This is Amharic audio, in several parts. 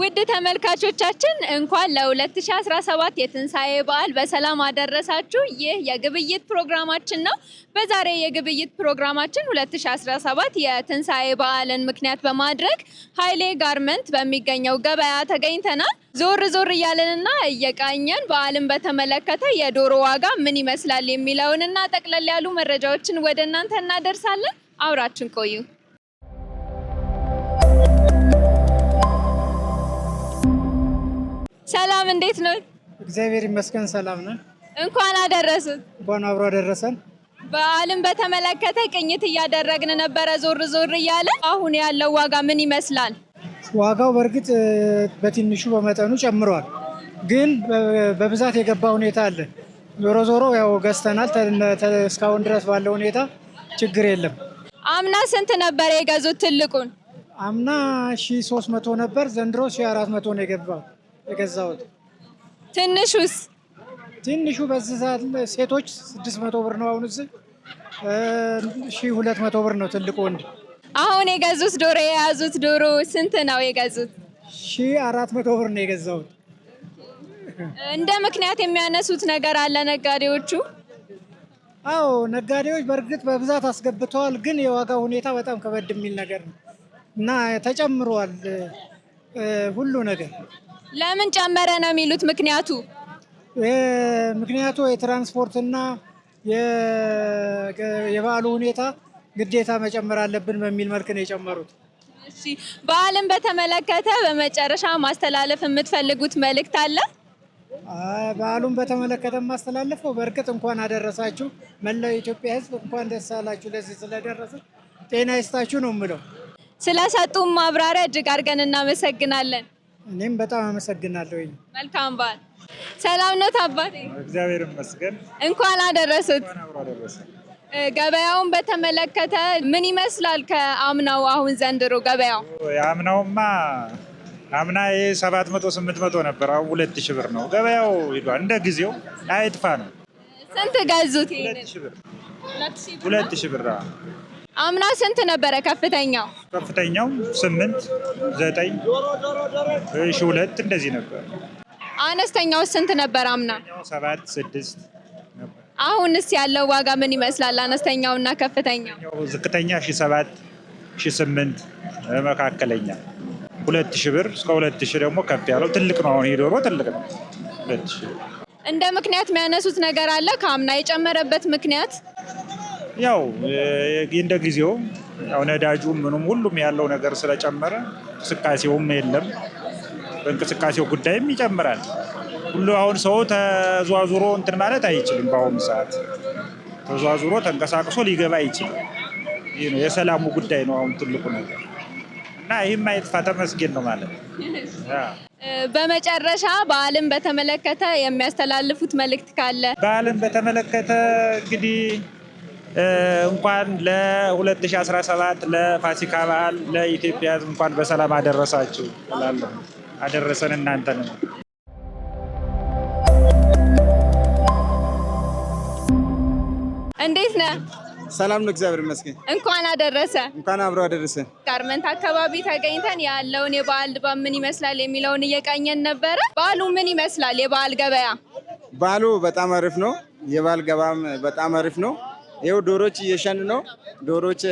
ውድ ተመልካቾቻችን እንኳን ለ2017 የትንሣኤ በዓል በሰላም አደረሳችሁ። ይህ የግብይት ፕሮግራማችን ነው። በዛሬ የግብይት ፕሮግራማችን 2017 የትንሣኤ በዓልን ምክንያት በማድረግ ኃይሌ ጋርመንት በሚገኘው ገበያ ተገኝተናል። ዞር ዞር እያለንና እየቃኘን በዓልን በተመለከተ የዶሮ ዋጋ ምን ይመስላል የሚለውንና ጠቅለል ያሉ መረጃዎችን ወደ እናንተ እናደርሳለን። አብራችን ቆዩ። ሰላም፣ እንዴት ነው? እግዚአብሔር ይመስገን ሰላም ነን። እንኳን አደረሱት። እንኳን አብሮ አደረሰን። በዓልን በተመለከተ ቅኝት እያደረግን ነበረ ዞር ዞር እያለ። አሁን ያለው ዋጋ ምን ይመስላል? ዋጋው በእርግጥ በትንሹ በመጠኑ ጨምሯል፣ ግን በብዛት የገባ ሁኔታ አለ። ዞሮ ዞሮ ያው ገዝተናል። እስካሁን ድረስ ባለው ሁኔታ ችግር የለም። አምና ስንት ነበር የገዙት ትልቁን? አምና ሺ ሶስት መቶ ነበር። ዘንድሮ ሺ አራት መቶ ነው የገባው የገዛሁት። ትንሹስ? ትንሹ በዚህ ሰዓት ሴቶች ስድስት መቶ ብር ነው። አሁን እዚህ ሺ ሁለት መቶ ብር ነው ትልቁ ወንድ። አሁን የገዙት ዶሮ የያዙት ዶሮ ስንት ነው የገዙት? ሺ አራት መቶ ብር ነው የገዛሁት። እንደ ምክንያት የሚያነሱት ነገር አለ ነጋዴዎቹ አዎ ነጋዴዎች በእርግጥ በብዛት አስገብተዋል፣ ግን የዋጋ ሁኔታ በጣም ከበድ የሚል ነገር ነው እና ተጨምሯል ሁሉ ነገር። ለምን ጨመረ ነው የሚሉት ምክንያቱ? ምክንያቱ የትራንስፖርትና የበዓሉ ሁኔታ ግዴታ መጨመር አለብን በሚል መልክ ነው የጨመሩት። በዓልን በተመለከተ በመጨረሻ ማስተላለፍ የምትፈልጉት መልእክት አለ? በዓሉን በተመለከተ የማስተላለፈው በእርግጥ እንኳን አደረሳችሁ መላው የኢትዮጵያ ሕዝብ እንኳን ደስ አላችሁ ለዚህ ስለደረሰ ጤና ይስጣችሁ ነው የምለው። ስለሰጡም ማብራሪያ እጅግ አድርገን እናመሰግናለን። እኔም በጣም አመሰግናለሁ። መልካም በዓል። ሰላም ነት አባቴ? እግዚአብሔር ይመስገን። እንኳን አደረሱት። ገበያውን በተመለከተ ምን ይመስላል? ከአምናው አሁን ዘንድሮ ገበያው የአምናውማ አምና ይሄ 700 800 ነበር። አሁን 2000 ብር ነው። ገበያው ሄዷል። እንደ ጊዜው አይጥፋ ነው። ስንት ገዙት? 2000 2000 ብር። አምና ስንት ነበረ ከፍተኛው? ከፍተኛው 8 9 እሺ 2 እንደዚህ ነበር። አነስተኛው ስንት ነበር አምና? 7 6 ነበር። አሁንስ ያለው ዋጋ ምን ይመስላል? አነስተኛውና ከፍተኛው ዝቅተኛ 7 8 መካከለኛ ሁለት ሺህ ብር እስከ ሁለት ሺህ ደግሞ ከፍ ያለው ትልቅ ነው። አሁን ዶሮ ትልቅ ነው። ሁለት ሺህ እንደ ምክንያት የሚያነሱት ነገር አለ። ከአምና የጨመረበት ምክንያት ያው እንደ ጊዜው ያው ነዳጁ ምኑም ሁሉም ያለው ነገር ስለጨመረ እንቅስቃሴውም የለም። በእንቅስቃሴው ጉዳይም ይጨምራል። ሁሉ አሁን ሰው ተዟዙሮ እንትን ማለት አይችልም። በአሁኑ ሰዓት ተዟዙሮ ተንቀሳቅሶ ሊገባ አይችልም። የሰላሙ ጉዳይ ነው አሁን ትልቁ ነገር። እና ይህም አይጥፋ ተመስገን ነው ማለት ነው። በመጨረሻ በዓልን በተመለከተ የሚያስተላልፉት መልእክት ካለ? በዓልን በተመለከተ እንግዲህ እንኳን ለ2017 ለፋሲካ በዓል ለኢትዮጵያ እንኳን በሰላም አደረሳችሁ እላለሁ። አደረሰን እናንተንም። እንዴት ነህ? ሰላም ነው፣ እግዚአብሔር ይመስገን። እንኳን አደረሰ። እንኳን አብሮ አደረሰ። ጋርመንት አካባቢ ተገኝተን ያለውን የበዓል ድባብ ምን ይመስላል የሚለውን እየቃኘን ነበረ። በዓሉ ምን ይመስላል? የበዓል ገበያ በዓሉ በጣም አሪፍ ነው። የበዓል ገበያም በጣም አሪፍ ነው። ይኸው ዶሮች እየሸን ነው። ዶሮች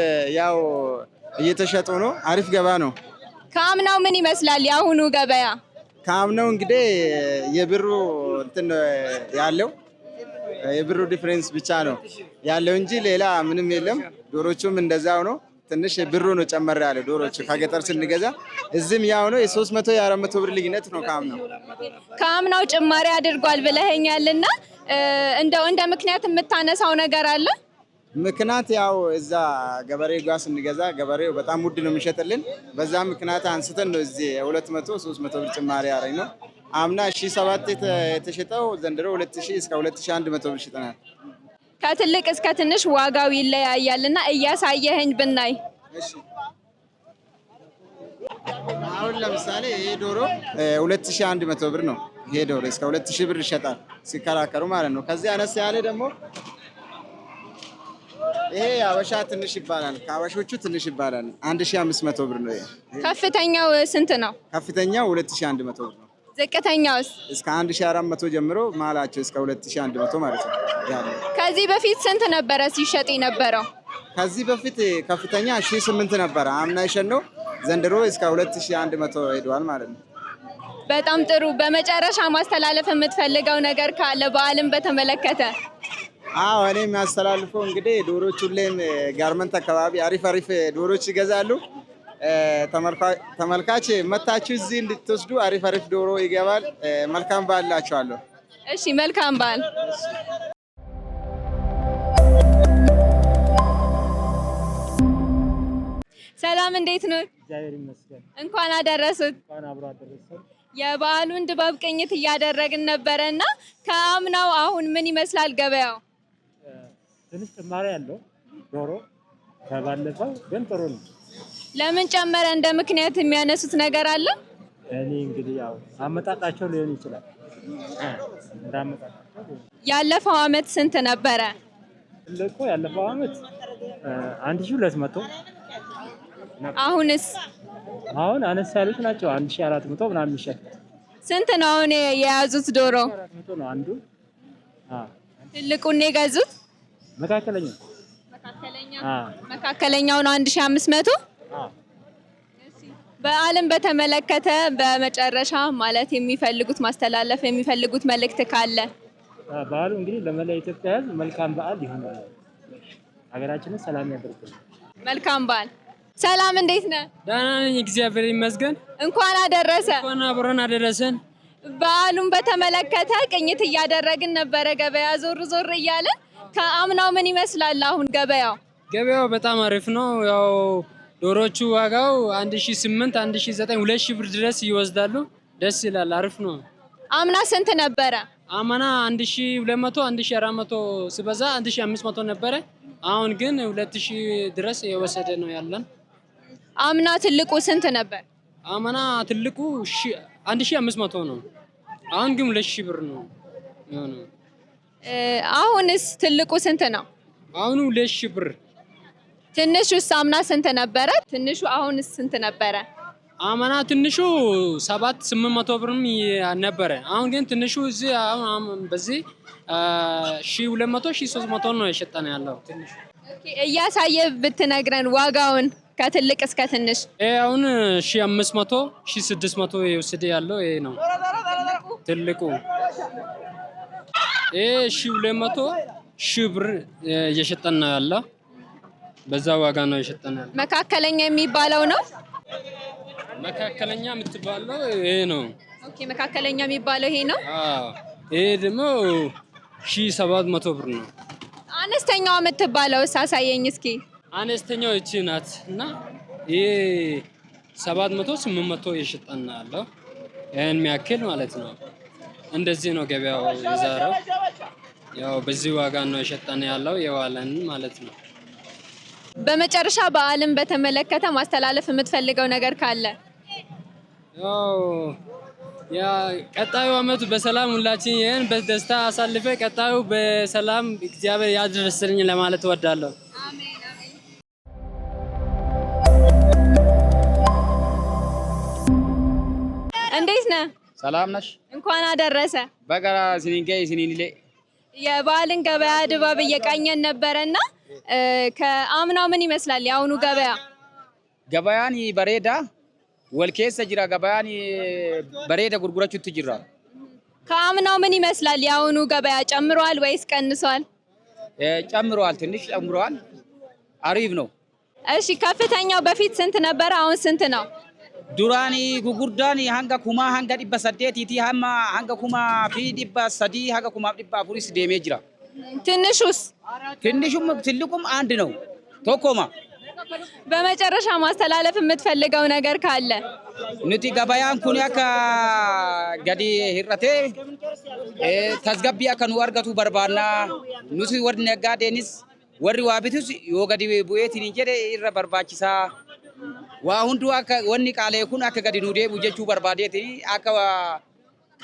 ያው እየተሸጡ ነው። አሪፍ ገበያ ነው። ከአምናው ምን ይመስላል የአሁኑ ገበያ? ከአምናው እንግዲህ የብሩ እንትን ያለው የብሩ ዲፍረንስ ብቻ ነው ያለው እንጂ ሌላ ምንም የለም። ዶሮቹም እንደዛው ነው። ትንሽ ብሩ ነው ጨመር ያለ ዶሮች ከገጠር ስንገዛ እዚህም ያው ነው። የሶስት መቶ የአራት መቶ ብር ልዩነት ነው ከአምናው ከአምናው ጭማሪ አድርጓል ብለኸኛልና እንደው እንደ ምክንያት የምታነሳው ነገር አለ? ምክንያት ያው እዛ ገበሬ ጋር ስንገዛ ገበሬው በጣም ውድ ነው የሚሸጥልን። በዛ ምክንያት አንስተን ነው እዚህ የሁለት መቶ ሶስት መቶ ብር ጭማሪ ያረኝ ነው አምና ሺ ሰባት የተሸጠው ዘንድሮ ሁለት ሺ እስከ ሁለት ሺ አንድ መቶ ብር ሽጠናል። ከትልቅ እስከ ትንሽ ዋጋው ይለያያል እና እያሳየህኝ ብናይ አሁን ለምሳሌ ይሄ ዶሮ ሁለት ሺ አንድ መቶ ብር ነው። ይሄ ዶሮ እስከ ሁለት ሺ ብር ይሸጣል ሲከራከሩ ማለት ነው። ከዚህ አነስ ያለ ደግሞ ይሄ አበሻ ትንሽ ይባላል። ከአበሾቹ ትንሽ ይባላል። አንድ ሺ አምስት መቶ ብር ነው። ከፍተኛው ስንት ነው? ከፍተኛው ሁለት ሺ አንድ መቶ ብር ነው። ዝቅተኛውስ እስከ 1400 ጀምሮ ማላቸው እስከ 2100 ማለት ነው። ከዚህ በፊት ስንት ነበረ ሲሸጥ የነበረው? ከዚህ በፊት ከፍተኛ 1800 ነበረ አምና የሸነው ዘንድሮ እስከ 2100 ሄደዋል ማለት ነው። በጣም ጥሩ። በመጨረሻ ማስተላለፍ የምትፈልገው ነገር ካለ በዓልም በተመለከተ? አዎ እኔ የሚያስተላልፈው እንግዲህ ዶሮች ሁሌም ጋርመንት አካባቢ አሪፍ አሪፍ ዶሮች ይገዛሉ። ተመልካች መታችሁ እዚህ እንድትወስዱ አሪፍ አሪፍ ዶሮ ይገባል። መልካም በዓል ላችኋለሁ። እሺ፣ መልካም በዓል። ሰላም፣ እንዴት ነው? እግዚአብሔር ይመስገን። እንኳን አደረሱት። እንኳን አብሮ አደረሰን። የበዓሉን ድባብ ቅኝት እያደረግን ነበረ እና ከአምናው አሁን ምን ይመስላል ገበያው? ትንሽ ጭማሪ ያለው ዶሮ ከባለፈው ግን ጥሩ ነው። ለምን ጨመረ እንደ ምክንያት የሚያነሱት ነገር አለ? እኔ እንግዲህ ያው አመጣጣቸው ሊሆን ይችላል። ያለፈው አመት ስንት ነበረ? ልቆ ያለፈው አመት አንድ ሺህ ሁለት መቶ አሁንስ? አሁን አነስ ያሉት ናቸው አንድ ሺህ አራት መቶ ምናምን የሚሸጡት። ስንት ነው አሁን የያዙት ዶሮ? አንዱ ትልቁን የገዙት መካከለኛ መካከለኛው ነው አንድ ሺህ አምስት መቶ በዓልን በተመለከተ በመጨረሻ ማለት የሚፈልጉት ማስተላለፍ የሚፈልጉት መልእክት ካለ? በዓሉ እንግዲህ ለመላ ኢትዮጵያ ሕዝብ መልካም በዓል ይሆናል። ሀገራችንን ሰላም ያደርግል። መልካም በዓል። ሰላም፣ እንዴት ነህ? ደህና ነኝ፣ እግዚአብሔር ይመስገን። እንኳን አደረሰ። እንኳን አብረን አደረሰን። በዓሉን በተመለከተ ቅኝት እያደረግን ነበረ ገበያ ዞር ዞር እያለን። ከአምናው ምን ይመስላል አሁን ገበያው? ገበያው በጣም አሪፍ ነው ያው ዶሮቹ ዋጋው 1008 1009 2000 ብር ድረስ ይወስዳሉ። ደስ ይላል። አሪፍ ነው። አምና ስንት ነበረ? አምና 1200 1400 ሲበዛ 1500 ነበረ። አሁን ግን 2000 ድረስ የወሰደ ነው ያለን። አምና ትልቁ ስንት ነበር? አምና ትልቁ 1500 ነው። አሁን ግን 2000 ብር ነው አሁንስ ትልቁ ስንት ነው? አሁን 2000 ብር ትንሹ አምና ስንት ነበረ? ትንሹ አሁን ስንት ነበረ? አምና ትንሹ ሰባት ስምንት መቶ ብርም ነበረ። አሁን ግን ትንሹ እዚህ አሁን በዚህ ሺ ሁለት መቶ ሺ ሶስት መቶ ነው የሸጠነ ያለው ትንሹ። እያሳየ ብትነግረን ዋጋውን ከትልቅ እስከ ትንሽ። ይሄ አሁን ሺ አምስት መቶ ስድስት መቶ የወሰደ ያለው ይሄ ነው ትልቁ። ይሄ ሺ ሁለት መቶ ብር እየሸጠን ነው ያለው በዛ ዋጋ ነው የሸጠናል። መካከለኛ የሚባለው ነው። መካከለኛ የምትባለው ይሄ ነው። ኦኬ፣ መካከለኛ የሚባለው ይሄ ነው። አዎ፣ ይሄ ደግሞ ሺህ ሰባት መቶ ብር ነው። አነስተኛው የምትባለው ሳሳየኝ እስኪ። አነስተኛው እቺ ናት እና ይሄ ሰባት መቶ ስምንት መቶ የሸጠና አለው ይህን የሚያክል ማለት ነው። እንደዚህ ነው ገበያው የዛሬው። ያው በዚህ ዋጋ ነው የሸጠን ያለው የዋለን ማለት ነው። በመጨረሻ በዓልን በተመለከተ ማስተላለፍ የምትፈልገው ነገር ካለ? ቀጣዩ አመቱ በሰላም ሁላችን ይህን በደስታ አሳልፈ ቀጣዩ በሰላም እግዚአብሔር ያድርስልኝ ለማለት እወዳለሁ። እንዴት ነህ? ሰላም ነሽ? እንኳን አደረሰ። በቀራ ስኒንገ ሲኒንሌ የበዓልን ገበያ ድባብ እየቃኘን ነበረና ከአምናው ምን ይመስላል የአሁኑ ገበያ? ገበያን በሬዳ ወልኬሰ ጅራ ገበያን በሬዳ ጉርጉራችሁት ጅራ ከአምናው ምን ይመስላል የአሁኑ ገበያ ጨምሯል ወይስ ቀንሷል? ጨምሯል፣ ትንሽ ጨምሯል። አሪፍ ነው። እሺ ከፍተኛው በፊት ስንት ነበረ? አሁን ስንት ነው? ዱራኒ ጉጉርዳኒ ሀንጋ ኩማ ሀንጋ ዲባ ሰዴት ቲ ሀማ ሀንጋ ኩማ ፊ ዲባ ሰዲ ሀንጋ ኩማ ዲባ አፉሪስ ደሜ ጅራ ትንሹስ? ትንሹም ትልቁም አንድ ነው። ቶኮማ በመጨረሻ ማስተላለፍ የምትፈልገው ነገር ካለ ኑቲ ገበያን ኩን ያከ ገዲ ተዝገቢ ያከ አርገቱ በርባና ኑቲ ወር ነጋዴንስ ወሪ ዋቢቱስ ዮ ገዲ ቡኤቲን ጀደ በርባችሳ ዋ ሁንዱ ወኒ ቃሌ ኩን አከ ገዲ ኑ ዴቡ ጀቹ አከ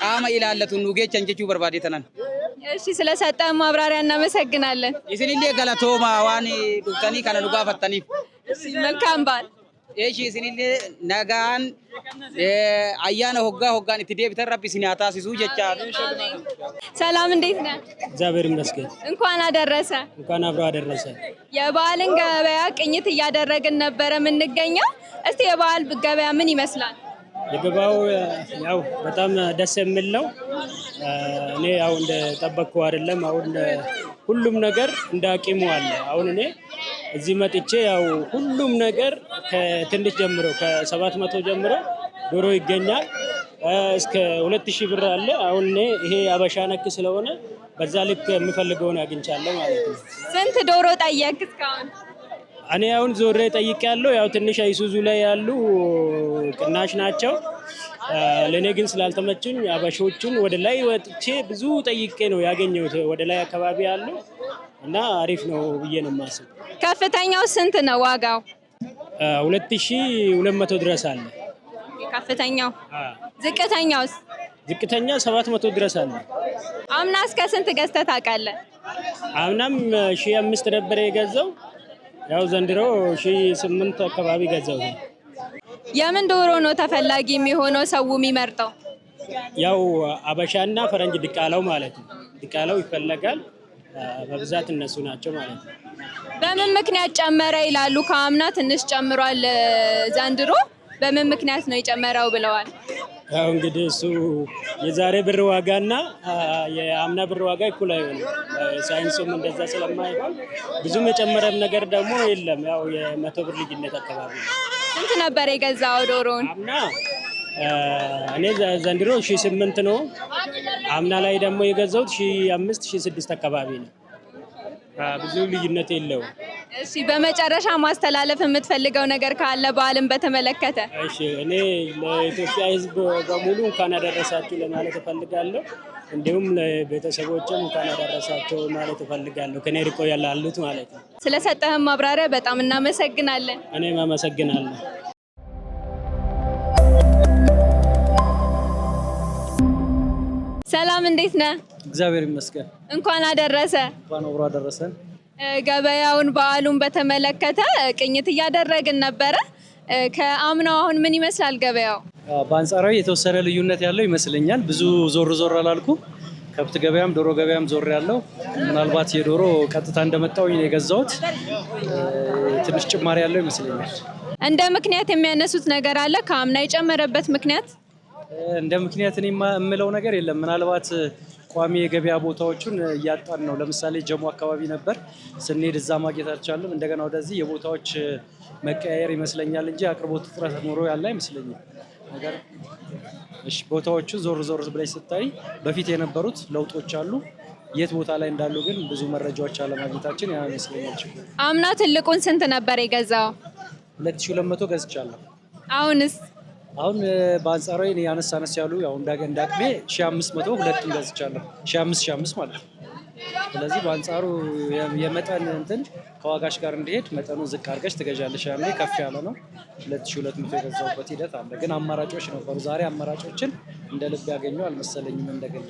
ቃማ ኢላለቱን ኑጌቸን ጀቹ በርባዴ እሺ፣ ስለሰጠ ማብራሪያ እናመሰግናለን። ኢስኒሌ ገለቶማ ዋን ዱፍተኒ ከነ ዱጋ ፈተኒፍ መልካም በዓል። እሺ፣ ኢስኒሌ ነጋን አያነ ሆጋ ሆጋን ኢት ዴብተን ረቢ ኢስኒ አታሲሱ ጀቻ። ሰላም፣ እንዴት ነህ? እግዚአብሔር ይመስገን። እንኳን አደረሰ። እንኳን አብሮ አደረሰ። የበዓልን ገበያ ቅኝት እያደረግን ነበረ የምንገኘው። እስቲ የበዓል ገበያ ምን ይመስላል? የገባው ያው በጣም ደስ የሚል ነው። እኔ ያው እንደጠበቅኩ አይደለም። አሁን ሁሉም ነገር እንደ አቂሙ አለ። አሁን እኔ እዚህ መጥቼ ያው ሁሉም ነገር ከትንሽ ጀምሮ ከሰባት መቶ ጀምሮ ዶሮ ይገኛል እስከ ሁለት ሺህ ብር አለ። አሁን እኔ ይሄ አበሻ ነክ ስለሆነ በዛ ልክ የምፈልገውን አግኝቻለሁ ማለት ነው። ስንት ዶሮ ጠየቅ እስካሁን? እኔ አሁን ዞሬ ጠይቅ ያለው ያው ትንሽ አይሱዙ ላይ ያሉ ቅናሽ ናቸው። ለእኔ ግን ስላልተመችኝ አበሾቹን ወደ ላይ ወጥቼ ብዙ ጠይቄ ነው ያገኘሁት። ወደ ላይ አካባቢ ያለው እና አሪፍ ነው ብዬ ነው የማስብ። ከፍተኛው ስንት ነው ዋጋው? ሁለት ሺ ሁለት መቶ ድረስ አለ ከፍተኛው። ዝቅተኛው? ዝቅተኛ ሰባት መቶ ድረስ አለ። አምና እስከ ስንት ገዝተህ ታውቃለህ? አምናም ሺህ አምስት ነበር የገዛው ያው ዘንድሮ ሺ ስምንት አካባቢ ገዛው። የምን ዶሮ ነው ተፈላጊ የሚሆነው ሰው የሚመርጠው? ያው አበሻና ፈረንጅ ድቃለው ማለት ነው። ድቃለው ይፈለጋል በብዛት እነሱ ናቸው ማለት ነው። በምን ምክንያት ጨመረ ይላሉ? ከአምና ትንሽ ጨምሯል ዘንድሮ በምን ምክንያት ነው የጨመረው ብለዋል። ያው እንግዲህ እሱ የዛሬ ብር ዋጋና የአምና ብር ዋጋ እኩል አይሆንም። ሳይንሱም እንደዛ ስለማይሆን ብዙም የጨመረም ነገር ደግሞ የለም። ያው የመቶ ብር ልዩነት አካባቢ ነው። ስንት ነበር የገዛው ዶሮን? አምና እኔ ዘንድሮ ሺህ ስምንት ነው። አምና ላይ ደግሞ የገዛሁት ሺህ አምስት ሺህ ስድስት አካባቢ ነው። ብዙ ልዩነት የለው። እሺ፣ በመጨረሻ ማስተላለፍ የምትፈልገው ነገር ካለ በዓልን በተመለከተ? እሺ፣ እኔ ለኢትዮጵያ ሕዝብ በሙሉ እንኳን አደረሳችሁ ለማለት እፈልጋለሁ። እንዲሁም ለቤተሰቦችም እንኳን አደረሳቸው ማለት እፈልጋለሁ። ከኔ ርቆ ያላሉት ማለት ነው። ስለሰጠህም ማብራሪያ በጣም እናመሰግናለን። እኔም አመሰግናለሁ። ሰላም እንዴት ነህ? እግዚአብሔር ይመስገን። እንኳን አደረሰ። እንኳን አብሮ አደረሰን። ገበያውን በዓሉን በተመለከተ ቅኝት እያደረግን ነበረ። ከአምናው አሁን ምን ይመስላል ገበያው? በአንጻራዊ የተወሰነ ልዩነት ያለው ይመስለኛል። ብዙ ዞር ዞር አላልኩ። ከብት ገበያም ዶሮ ገበያም ዞር ያለው ምናልባት የዶሮ ቀጥታ እንደመጣውኝ የገዛሁት ትንሽ ጭማሪ ያለው ይመስለኛል። እንደ ምክንያት የሚያነሱት ነገር አለ ከአምና የጨመረበት ምክንያት እንደ ምክንያት እኔ የምለው ነገር የለም። ምናልባት ቋሚ የገበያ ቦታዎቹን እያጣን ነው። ለምሳሌ ጀሞ አካባቢ ነበር ስንሄድ፣ እዛ ማግኘት አልቻለም። እንደገና ወደዚህ የቦታዎች መቀያየር ይመስለኛል እንጂ አቅርቦት እጥረት ኖሮ ያለ አይመስለኝም። ነገር ቦታዎቹ ዞር ዞር ብላይ ስታይ በፊት የነበሩት ለውጦች አሉ። የት ቦታ ላይ እንዳሉ ግን ብዙ መረጃዎች አለማግኘታችን ያ ይመስለኛል አምና ትልቁን ስንት ነበር የገዛው? ሁለት ሁለት መቶ ገዝቻለሁ። አሁንስ አሁን በአንጻራዊ ያነስ አነስ ያሉ እንደ አቅሜ ሺ አምስት መቶ ሁለቱን ገዝቻለሁ። ሺ አምስት ሺ አምስት ማለት ነው። ስለዚህ በአንጻሩ የመጠን እንትን ከዋጋሽ ጋር እንዲሄድ መጠኑ ዝቅ አድርገሽ ትገዣለሽ። ያኔ ከፍ ያለ ነው። ሁለት ሺ ሁለት መቶ የገዛሁበት ሂደት አለ። ግን አማራጮች ነበሩ። ዛሬ አማራጮችን እንደ ልብ ያገኘው አልመሰለኝም። እንደገና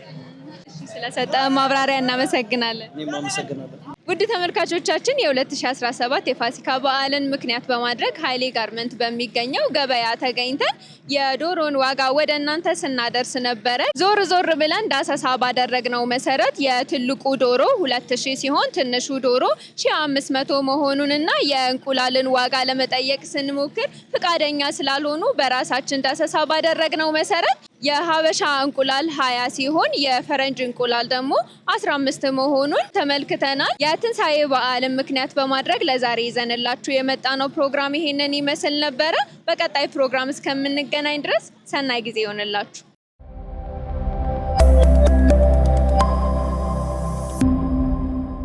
ስለሰጠ ማብራሪያ እናመሰግናለን። እኔም አመሰግናለን። ውድ ተመልካቾቻችን የ2017 የፋሲካ በዓልን ምክንያት በማድረግ ሀይሌ ጋርመንት በሚገኘው ገበያ ተገኝተን የዶሮን ዋጋ ወደ እናንተ ስናደርስ ነበረ። ዞር ዞር ብለን ዳሰሳ ባደረግነው መሰረት የትልቁ ዶሮ 2000 ሲሆን ትንሹ ዶሮ 1500 መሆኑንና የእንቁላልን ዋጋ ለመጠየቅ ስንሞክር ፍቃደኛ ስላልሆኑ በራሳችን ዳሰሳ ባደረግነው መሰረት የሀበሻ እንቁላል ሀያ ሲሆን የፈረንጅ እንቁላል ደግሞ አስራ አምስት መሆኑን ተመልክተናል። የትንሳኤ በዓልን ምክንያት በማድረግ ለዛሬ ይዘንላችሁ የመጣ ነው ፕሮግራም ይሄንን ይመስል ነበረ። በቀጣይ ፕሮግራም እስከምንገናኝ ድረስ ሰናይ ጊዜ ይሆንላችሁ።